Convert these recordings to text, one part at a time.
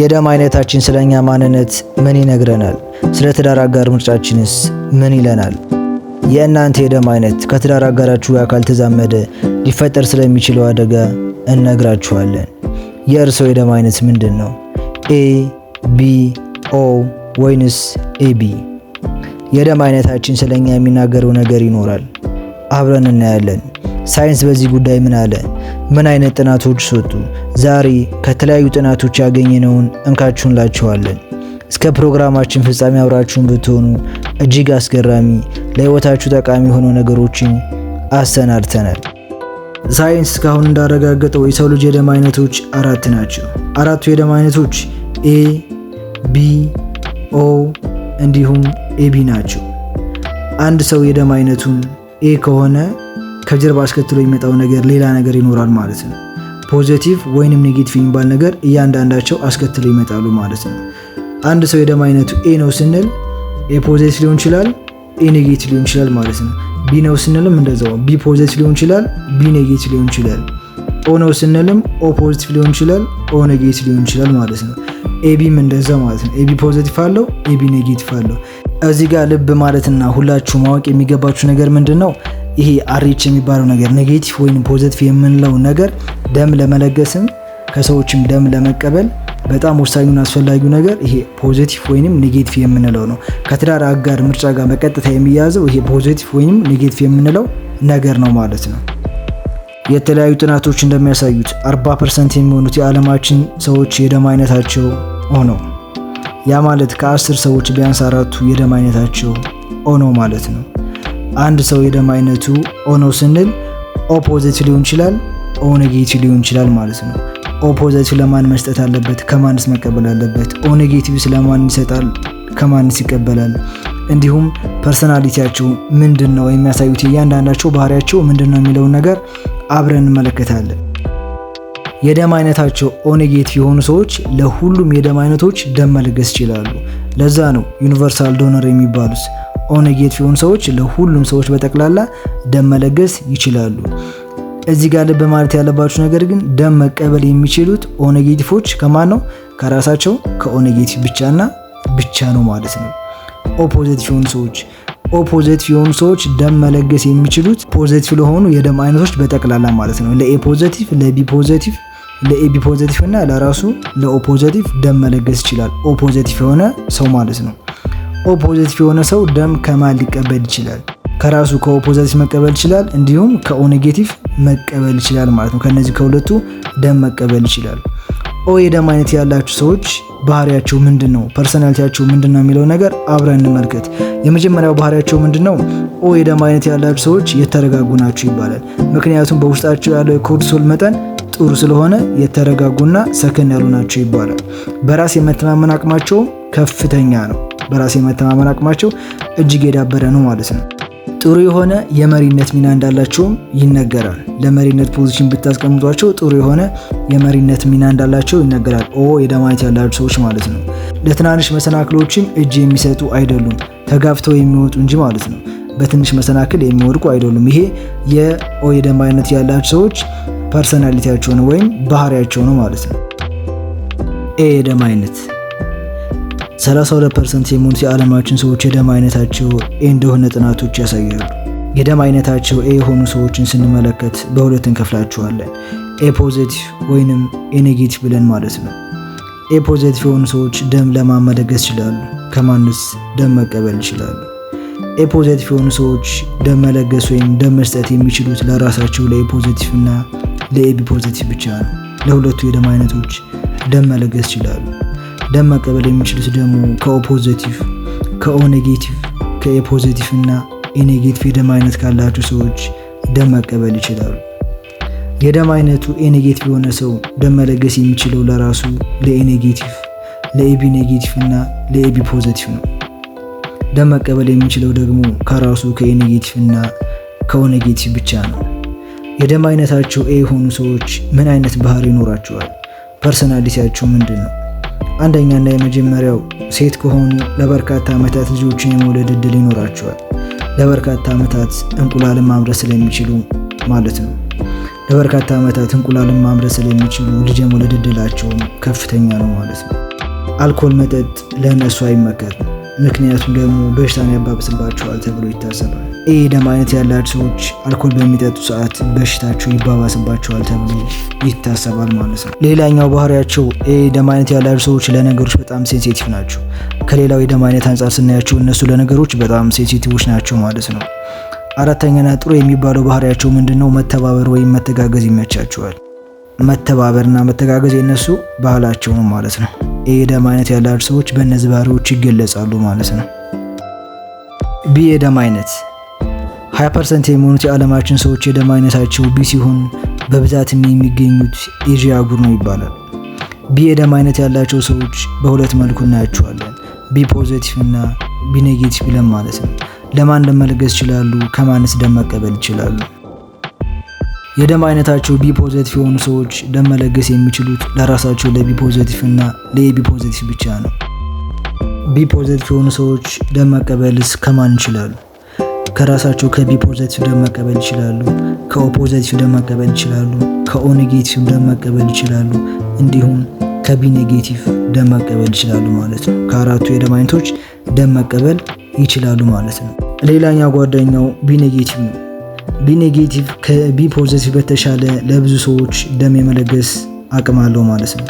የደም አይነታችን ስለ እኛ ማንነት ምን ይነግረናል? ስለ ትዳር አጋር ምርጫችንስ ምን ይለናል? የእናንተ የደም አይነት ከትዳር አጋራችሁ ጋር ካልተዛመደ ሊፈጠር ስለሚችለው አደጋ እነግራችኋለን። የእርስዎ የደም አይነት ምንድን ነው? ኤ ቢ ኦ ወይንስ ኤቢ? የደም አይነታችን ስለ እኛ የሚናገረው ነገር ይኖራል። አብረን እናያለን። ሳይንስ በዚህ ጉዳይ ምን አለ? ምን አይነት ጥናቶች ሰጡ? ዛሬ ከተለያዩ ጥናቶች ያገኘነውን ላችኋለን። እስከ ፕሮግራማችን ፍጻሜ አብራችሁን ብትሆኑ እጅግ አስገራሚ ለህይወታችሁ ጠቃሚ የሆኑ ነገሮችን አሰናድተናል። ሳይንስ እስካሁን እንዳረጋገጠው የሰው ልጅ የደም አይነቶች አራት ናቸው። አራቱ የደም አይነቶች ኤ፣ ቢ፣ ኦ እንዲሁም ኤቢ ናቸው። አንድ ሰው የደም አይነቱን ኤ ከሆነ ከጀርባ አስከትሎ የሚመጣው ነገር ሌላ ነገር ይኖራል ማለት ነው። ፖዘቲቭ ወይንም ኔጌቲቭ የሚባል ነገር እያንዳንዳቸው አስከትሎ ይመጣሉ ማለት ነው። አንድ ሰው የደም አይነቱ ኤ ነው ስንል ኤ ፖዘቲቭ ሊሆን ይችላል፣ ኤ ኔጌቲቭ ሊሆን ይችላል ማለት ነው። ቢ ነው ስንልም እንደዛው ቢ ፖዘቲቭ ሊሆን ይችላል፣ ቢ ኔጌቲቭ ሊሆን ይችላል። ኦ ነው ስንልም ኦ ፖዚቲቭ ሊሆን ይችላል፣ ኦ ኔጌቲቭ ሊሆን ይችላል ማለት ነው። ኤቢም እንደዛ ማለት ነው። ኤቢ ፖዘቲቭ አለው፣ ኤቢ ኔጌቲቭ አለው። እዚህ ጋር ልብ ማለትና ሁላችሁ ማወቅ የሚገባችሁ ነገር ምንድን ነው? ይሄ አሪች የሚባለው ነገር ኔጌቲቭ ወይም ፖዘቲቭ የምንለው ነገር ደም ለመለገስም ከሰዎችም ደም ለመቀበል በጣም ወሳኙን አስፈላጊው ነገር ይሄ ፖዘቲቭ ወይም ኔጌቲቭ የምንለው ነው። ከትዳር አጋር ምርጫ ጋር በቀጥታ የሚያያዘው ይሄ ፖዘቲቭ ወይም ኔጌቲቭ የምንለው ነገር ነው ማለት ነው። የተለያዩ ጥናቶች እንደሚያሳዩት 40 ፐርሰንት የሚሆኑት የዓለማችን ሰዎች የደም አይነታቸው ኦ ነው። ያ ማለት ከ10 ሰዎች ቢያንስ አራቱ የደም አይነታቸው ኦ ነው ማለት ነው። አንድ ሰው የደም አይነቱ ኦኖ ስንል ኦፖዘት ሊሆን ይችላል፣ ኦኔጌቲቭ ሊሆን ይችላል ማለት ነው። ኦፖዘት ለማን መስጠት አለበት? ከማንስ መቀበል አለበት? ኦኔጌቲቭ ስለማን ይሰጣል? ከማንስ ይቀበላል? እንዲሁም ፐርሰናሊቲያቸው ምንድን ነው የሚያሳዩት እያንዳንዳቸው ባህሪያቸው ምንድን ነው የሚለውን ነገር አብረን እንመለከታለን። የደም አይነታቸው ኦኔጌቲቭ የሆኑ ሰዎች ለሁሉም የደም አይነቶች ደም መለገስ ይችላሉ። ለዛ ነው ዩኒቨርሳል ዶነር የሚባሉት። ኦነጌት የሆኑ ሰዎች ለሁሉም ሰዎች በጠቅላላ ደም መለገስ ይችላሉ። እዚህ ጋር ልብ ማለት ያለባችሁ ነገር ግን ደም መቀበል የሚችሉት ኦነጌቲፎች ከማን ነው? ከራሳቸው ከኦነጌቲቭ ብቻና ብቻ ነው ማለት ነው። ኦፖዚቲቭ የሆኑ ሰዎች ኦፖዚቲቭ የሆኑ ሰዎች ደም መለገስ የሚችሉት ፖዘቲቭ ለሆኑ የደም አይነቶች በጠቅላላ ማለት ነው። ለኤ ፖዘቲቭ፣ ለቢ ፖዘቲቭ፣ ለኤቢ ፖዘቲቭ እና ለራሱ ለኦፖዘቲቭ ደም መለገስ ይችላል ኦፖዘቲቭ የሆነ ሰው ማለት ነው። ኦ ፖዘቲቭ የሆነ ሰው ደም ከማን ሊቀበል ይችላል? ከራሱ ከኦ ፖዘቲቭ መቀበል ይችላል፣ እንዲሁም ከኦ ኔጌቲቭ መቀበል ይችላል ማለት ነው። ከነዚህ ከሁለቱ ደም መቀበል ይችላል። ኦ የደም አይነት ያላችሁ ሰዎች ባህሪያቸው ምንድን ነው? ፐርሰናሊቲያቸው ምንድን ነው የሚለው ነገር አብረን እንመልከት። የመጀመሪያው ባህሪያቸው ምንድን ነው? ኦ የደም አይነት ያላችሁ ሰዎች የተረጋጉ ናቸው ይባላል። ምክንያቱም በውስጣቸው ያለው የኮርቲሶል መጠን ጥሩ ስለሆነ የተረጋጉና ሰከን ያሉ ናቸው ይባላል። በራስ የመተማመን አቅማቸውም ከፍተኛ ነው። በራስ የመተማመን አቅማቸው እጅግ የዳበረ ነው ማለት ነው። ጥሩ የሆነ የመሪነት ሚና እንዳላቸውም ይነገራል። ለመሪነት ፖዚሽን ብታስቀምጧቸው ጥሩ የሆነ የመሪነት ሚና እንዳላቸው ይነገራል። ኦ የደማይት ያላቸው ሰዎች ማለት ነው። ለትናንሽ መሰናክሎችም እጅ የሚሰጡ አይደሉም፣ ተጋፍተው የሚወጡ እንጂ ማለት ነው። በትንሽ መሰናክል የሚወድቁ አይደሉም። ይሄ የኦ የደማይነት ያላቸው ሰዎች ፐርሰናሊቲያቸው ነው ወይም ባህሪያቸው ነው ማለት ነው። ኤ የደማይነት 32 ፐርሰንት የሚሆኑት የዓለማችን ሰዎች የደም አይነታቸው ኤ እንደሆነ ጥናቶች ያሳያሉ። የደም አይነታቸው ኤ የሆኑ ሰዎችን ስንመለከት በሁለት እንከፍላቸዋለን። ኤ ፖዚቲቭ ወይንም ኤ ኔጌቲቭ ብለን ማለት ነው። ኤ ፖዚቲቭ የሆኑ ሰዎች ደም ለማመለገስ ይችላሉ? ከማንስ ደም መቀበል ይችላሉ? ኤ ፖዚቲቭ የሆኑ ሰዎች ደም መለገስ ወይም ደም መስጠት የሚችሉት ለራሳቸው ለኤ ፖዚቲቭ እና ለኤቢ ፖዚቲቭ ብቻ ነው። ለሁለቱ የደም አይነቶች ደም መለገስ ይችላሉ። ደም መቀበል የሚችሉት ደግሞ ከኦ ከኦኔጌቲቭ ከኦ ኔጌቲቭ፣ እና ኤኔጌቲቭ የደም አይነት ካላቸው ሰዎች ደም መቀበል ይችላሉ። የደም አይነቱ ኤኔጌቲቭ የሆነ ሰው ደም መለገስ የሚችለው ለራሱ ለኤኔጌቲቭ፣ ለኤቢ ኔጌቲቭ እና ለኤቢ ፖዘቲቭ ነው። ደም መቀበል የሚችለው ደግሞ ከራሱ ከኤኔጌቲቭ እና ከኦኔጌቲቭ ብቻ ነው። የደም አይነታቸው ኤ የሆኑ ሰዎች ምን አይነት ባህሪ ይኖራቸዋል? ፐርሰናሊቲያቸው ምንድን ነው? አንደኛና የመጀመሪያው ሴት ከሆኑ ለበርካታ ዓመታት ልጆችን የመውለድ እድል ይኖራቸዋል። ለበርካታ ዓመታት እንቁላልን ማምረት ስለሚችሉ ማለት ነው። ለበርካታ ዓመታት እንቁላልን ማምረት ስለሚችሉ ልጅ የመውለድ እድላቸውም ከፍተኛ ነው ማለት ነው። አልኮል መጠጥ ለእነሱ አይመከርም፣ ምክንያቱም ደግሞ በሽታን ያባብስባቸዋል ተብሎ ይታሰባል። ኤ ደም አይነት ያላቸው ሰዎች አልኮል በሚጠጡ ሰዓት በሽታቸው ይባባስባቸዋል ተብሎ ይታሰባል ማለት ነው። ሌላኛው ባህሪያቸው ኤ ደም አይነት ያላቸው ሰዎች ለነገሮች በጣም ሴንሲቲቭ ናቸው። ከሌላው የደም አይነት አንጻር ስናያቸው እነሱ ለነገሮች በጣም ሴንሲቲቮች ናቸው ማለት ነው። አራተኛና ጥሩ የሚባለው ባህሪያቸው ምንድነው? መተባበር ወይም መተጋገዝ ይመቻቸዋል። መተባበርና መተጋገዝ የነሱ ባህላቸው ነው ማለት ነው። ኤ ደም አይነት ያላቸው ሰዎች በእነዚህ ባህሪዎች ይገለጻሉ ማለት ነው። ቢ የደም አይነት 20 ፐርሰንት የሚሆኑት የዓለማችን ሰዎች የደም አይነታቸው ቢ ሲሆን በብዛትም የሚገኙት ኤዥያ አህጉር ነው ይባላል። ቢ የደም አይነት ያላቸው ሰዎች በሁለት መልኩ እናያቸዋለን። ቢ ፖዘቲቭ እና ቢ ኔጌቲቭ ብለን ማለት ነው። ለማን ደም መለገስ ይችላሉ? ከማንስ ደም መቀበል ይችላሉ? የደም አይነታቸው ቢ ፖዘቲቭ የሆኑ ሰዎች ደም መለገስ የሚችሉት ለራሳቸው ለቢ ፖዘቲቭ እና ለኤቢ ፖዘቲቭ ብቻ ነው። ቢ ፖዘቲቭ የሆኑ ሰዎች ደም መቀበልስ ከማን ይችላሉ? ከራሳቸው ከቢ ፖዘቲቭ ደም መቀበል ይችላሉ። ከኦ ፖዘቲቭ ደም መቀበል ይችላሉ። ከኦ ኔጌቲቭ ደም መቀበል ይችላሉ። እንዲሁም ከቢ ኔጌቲቭ ደም መቀበል ይችላሉ ማለት ነው። ከአራቱ የደም አይነቶች ደም መቀበል ይችላሉ ማለት ነው። ሌላኛው ጓደኛው ቢ ኔጌቲቭ ነው። ቢ ኔጌቲቭ ከቢ ፖዘቲቭ በተሻለ ለብዙ ሰዎች ደም የመለገስ አቅም አለው ማለት ነው።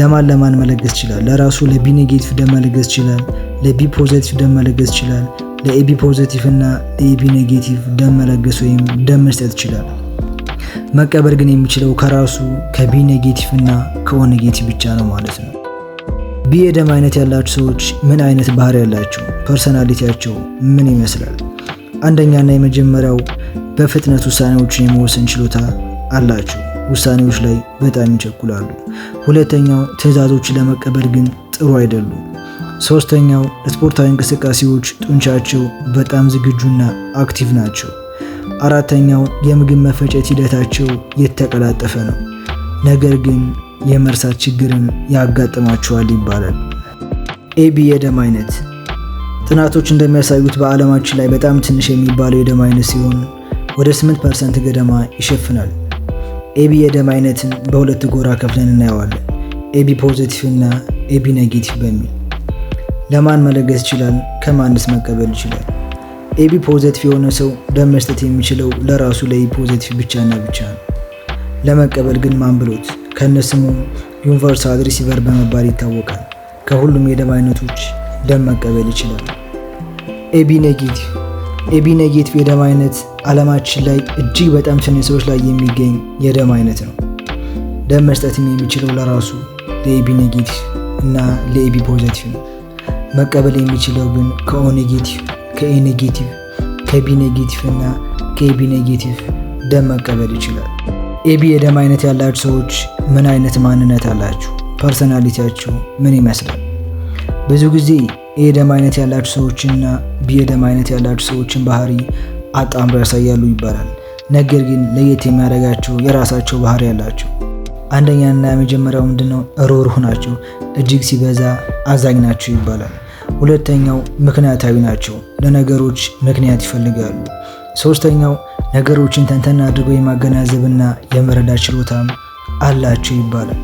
ለማን ለማን መለገስ ይችላል? ለራሱ ለቢ ኔጌቲቭ ደም መለገስ ይችላል። ለቢ ፖዘቲቭ ደም መለገስ ይችላል። ለኤቢ ፖዚቲቭ እና ኤቢ ኔጌቲቭ ደም መለገስ ወይም ደም መስጠት ይችላል። መቀበል ግን የሚችለው ከራሱ ከቢ ኔጌቲቭ እና ከኦ ኔጌቲቭ ብቻ ነው ማለት ነው። ቢ የደም አይነት ያላቸው ሰዎች ምን አይነት ባህሪ ያላቸው፣ ፐርሰናሊቲያቸው ምን ይመስላል? አንደኛና የመጀመሪያው በፍጥነት ውሳኔዎችን የመወሰን ችሎታ አላቸው። ውሳኔዎች ላይ በጣም ይቸኩላሉ። ሁለተኛው ትዕዛዞችን ለመቀበል ግን ጥሩ አይደሉም። ሶስተኛው ለስፖርታዊ እንቅስቃሴዎች ጡንቻቸው በጣም ዝግጁና አክቲቭ ናቸው። አራተኛው የምግብ መፈጨት ሂደታቸው የተቀላጠፈ ነው፣ ነገር ግን የመርሳት ችግርን ያጋጥማቸዋል ይባላል። ኤቢ የደም አይነት ጥናቶች እንደሚያሳዩት በዓለማችን ላይ በጣም ትንሽ የሚባለው የደም አይነት ሲሆን ወደ 8 ፐርሰንት ገደማ ይሸፍናል። ኤቢ የደም አይነትን በሁለት ጎራ ከፍለን እናየዋለን፣ ኤቢ ፖዚቲቭ እና ኤቢ ኔጌቲቭ በሚል ለማን መለገስ ይችላል? ከማንስ መቀበል ይችላል? ኤቢ ፖዘቲቭ የሆነ ሰው ደም መስጠት የሚችለው ለራሱ ለኢ ፖዘቲቭ ብቻና ብቻ ነው። ለመቀበል ግን ማን ብሎት ከነስሙ ዩኒቨርሳል ሪሲቨር በመባል ይታወቃል። ከሁሉም የደም አይነቶች ደም መቀበል ይችላል። ኤቢ ኔጌቲቭ ኤቢ ኔጌቲቭ የደም አይነት አለማችን ላይ እጅግ በጣም ትንሽ ሰዎች ላይ የሚገኝ የደም አይነት ነው። ደም መስጠትም የሚችለው ለራሱ ለኤቢ ኔጌቲቭ እና ለኤቢ ፖዘቲቭ ነው። መቀበል የሚችለው ግን ከኦ ኔጌቲቭ፣ ከኤ ኔጌቲቭ፣ ከቢ ኔጌቲቭ እና ከኤቢ ኔጌቲቭ ደም መቀበል ይችላል። ኤቢ የደም አይነት ያላችሁ ሰዎች ምን አይነት ማንነት አላችሁ? ፐርሰናሊቲያችሁ ምን ይመስላል? ብዙ ጊዜ ኤ የደም አይነት ያላችሁ ሰዎችና ቢ የደም አይነት ያላችሁ ሰዎችን ባህሪ አጣምረው ያሳያሉ ይባላል። ነገር ግን ለየት የሚያደርጋቸው የራሳቸው ባህሪ ያላቸው። አንደኛና የመጀመሪያው ምንድነው? ሩህሩህ ናቸው። እጅግ ሲበዛ አዛኝ ናቸው ይባላል። ሁለተኛው ምክንያታዊ ናቸው፣ ለነገሮች ምክንያት ይፈልጋሉ። ሶስተኛው ነገሮችን ተንተና አድርገው የማገናዘብና የመረዳት ችሎታም አላቸው ይባላል።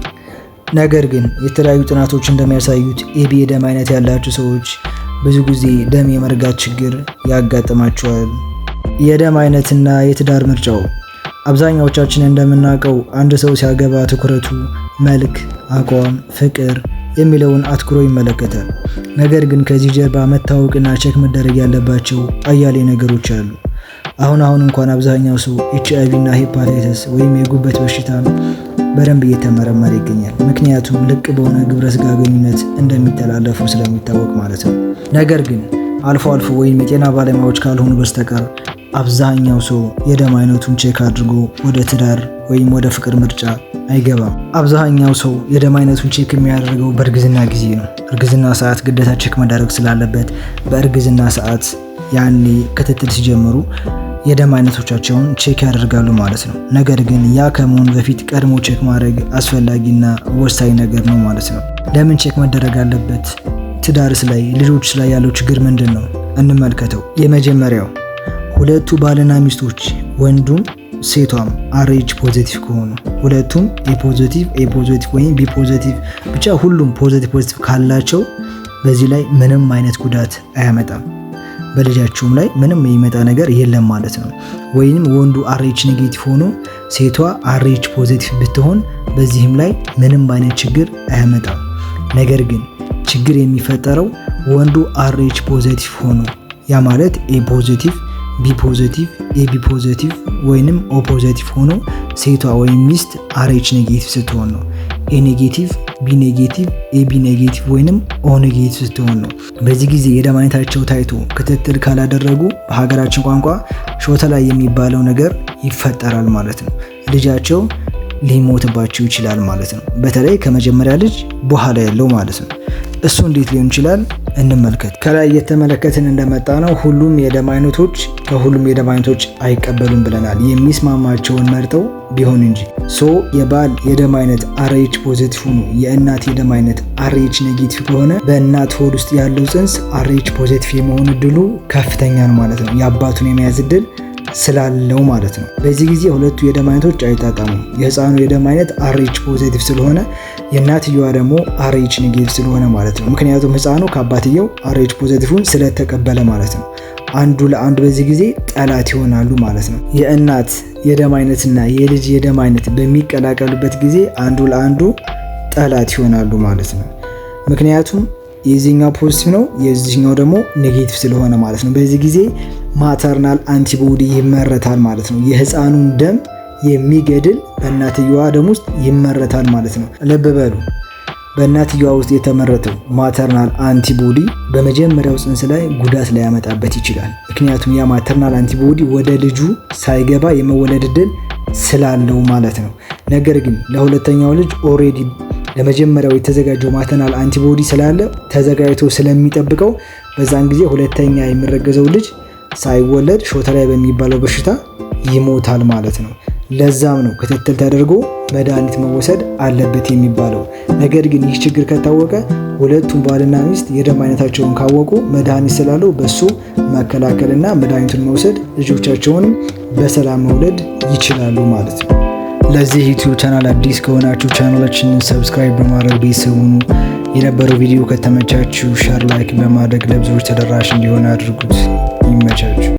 ነገር ግን የተለያዩ ጥናቶች እንደሚያሳዩት ኤቢ የደም አይነት ያላቸው ሰዎች ብዙ ጊዜ ደም የመርጋት ችግር ያጋጥማቸዋል። የደም አይነትና የትዳር ምርጫው አብዛኛዎቻችን እንደምናውቀው አንድ ሰው ሲያገባ ትኩረቱ መልክ፣ አቋም፣ ፍቅር የሚለውን አትኩሮ ይመለከታል። ነገር ግን ከዚህ ጀርባ መታወቅና ቼክ መደረግ ያለባቸው አያሌ ነገሮች አሉ። አሁን አሁን እንኳን አብዛኛው ሰው ኤች አይ ቪ እና ሄፓታይተስ ወይም የጉበት በሽታ በደንብ እየተመረመረ ይገኛል። ምክንያቱም ልቅ በሆነ ግብረ ስጋ ግንኙነት እንደሚተላለፉ ስለሚታወቅ ማለት ነው። ነገር ግን አልፎ አልፎ ወይም የጤና ባለሙያዎች ካልሆኑ በስተቀር አብዛኛው ሰው የደም አይነቱን ቼክ አድርጎ ወደ ትዳር ወይም ወደ ፍቅር ምርጫ አይገባም። አብዛኛው ሰው የደም አይነቱን ቼክ የሚያደርገው በእርግዝና ጊዜ ነው። እርግዝና ሰዓት ግዴታ ቼክ መደረግ ስላለበት በእርግዝና ሰዓት ያኔ ክትትል ሲጀምሩ የደም አይነቶቻቸውን ቼክ ያደርጋሉ ማለት ነው። ነገር ግን ያ ከመሆኑ በፊት ቀድሞ ቼክ ማድረግ አስፈላጊና ወሳኝ ነገር ነው ማለት ነው። ለምን ቼክ መደረግ አለበት? ትዳርስ ላይ ልጆች ላይ ያለው ችግር ምንድን ነው? እንመልከተው። የመጀመሪያው ሁለቱ ባልና ሚስቶች ወንዱም ሴቷም አሬጅ ፖዘቲቭ ከሆኑ ሁለቱም ኤ ኤፖዘቲቭ ወይም ፖቲቭ ብቻ ሁሉም ፖዘቲቭ ፖዘቲቭ ካላቸው በዚህ ላይ ምንም አይነት ጉዳት አያመጣም። በልጃችሁም ላይ ምንም የሚመጣ ነገር የለም ማለት ነው። ወይም ወንዱ አሬች ኔጌቲቭ ሆኖ ሴቷ አሬች ፖዘቲቭ ብትሆን በዚህም ላይ ምንም አይነት ችግር አያመጣም። ነገር ግን ችግር የሚፈጠረው ወንዱ አሬች ፖዘቲቭ ሆኖ ያ ማለት ኤ ፖዘቲቭ ቢ ፖዘቲቭ ኤቢ ፖዘቲቭ ወይንም ኦ ፖዘቲቭ ሆኖ ሴቷ ወይም ሚስት አርኤች ኔጌቲቭ ስትሆን ነው። ኤ ኔጌቲቭ፣ ቢ ኔጌቲቭ፣ ኤቢ ኔጌቲቭ ወይንም ኦ ኔጌቲቭ ስትሆን ነው። በዚህ ጊዜ የደም አይነታቸው ታይቶ ክትትል ካላደረጉ በሀገራችን ቋንቋ ሾተ ላይ የሚባለው ነገር ይፈጠራል ማለት ነው። ልጃቸው ሊሞትባቸው ይችላል ማለት ነው። በተለይ ከመጀመሪያ ልጅ በኋላ ያለው ማለት ነው። እሱ እንዴት ሊሆን ይችላል? እንመልከት። ከላይ የተመለከትን እንደመጣ ነው ሁሉም የደም አይነቶች ከሁሉም የደም አይነቶች አይቀበሉም ብለናል። የሚስማማቸውን መርጠው ቢሆን እንጂ ሶ የባል የደም አይነት አርኤች ፖዘቲቭ ሆኖ የእናት የደም አይነት አርኤች ኔጌቲቭ ከሆነ በእናት ሆድ ውስጥ ያለው ፅንስ አርኤች ፖዘቲቭ የመሆን እድሉ ከፍተኛ ነው ማለት ነው። የአባቱን የመያዝ እድል ስላለው ማለት ነው። በዚህ ጊዜ ሁለቱ የደም አይነቶች አይጣጣሙም። የህፃኑ የደም አይነት አርኤች ፖዘቲቭ ስለሆነ የእናትየዋ ደግሞ አርኤች ኔጌቲቭ ስለሆነ ማለት ነው። ምክንያቱም ህፃኑ ከአባትየው አርኤች ፖዘቲቭን ስለተቀበለ ማለት ነው። አንዱ ለአንዱ በዚህ ጊዜ ጠላት ይሆናሉ ማለት ነው። የእናት የደም አይነትና የልጅ የደም አይነት በሚቀላቀሉበት ጊዜ አንዱ ለአንዱ ጠላት ይሆናሉ ማለት ነው። ምክንያቱም የዚህኛው ፖዚቲቭ ነው፣ የዚህኛው ደግሞ ኔጌቲቭ ስለሆነ ማለት ነው። በዚህ ጊዜ ማተርናል አንቲቦዲ ይመረታል ማለት ነው። የህፃኑን ደም የሚገድል በእናትየዋ ደም ውስጥ ይመረታል ማለት ነው። ልብ በሉ በእናትየዋ ውስጥ የተመረተው ማተርናል አንቲቦዲ በመጀመሪያው ጽንስ ላይ ጉዳት ሊያመጣበት ይችላል። ምክንያቱም ያ ማተርናል አንቲቦዲ ወደ ልጁ ሳይገባ የመወለድ እድል ስላለው ማለት ነው። ነገር ግን ለሁለተኛው ልጅ ኦሬዲ ለመጀመሪያው የተዘጋጀው ማተናል አንቲቦዲ ስላለ ተዘጋጅቶ ስለሚጠብቀው በዛን ጊዜ ሁለተኛ የሚረገዘው ልጅ ሳይወለድ ሾተላይ በሚባለው በሽታ ይሞታል ማለት ነው። ለዛም ነው ክትትል ተደርጎ መድኃኒት መወሰድ አለበት የሚባለው። ነገር ግን ይህ ችግር ከታወቀ ሁለቱም ባልና ሚስት የደም አይነታቸውን ካወቁ መድኃኒት ስላለው በሱ መከላከልና መድኃኒቱን መውሰድ ልጆቻቸውንም በሰላም መውለድ ይችላሉ ማለት ነው። ለዚህ ዩቲዩብ ቻናል አዲስ ከሆናችሁ ቻናላችንን ሰብስክራይብ በማድረግ ቤተሰቡ የነበረው ቪዲዮ ከተመቻችሁ ሸር፣ ላይክ በማድረግ ለብዙዎች ተደራሽ እንዲሆን አድርጉት። ይመቻችሁ።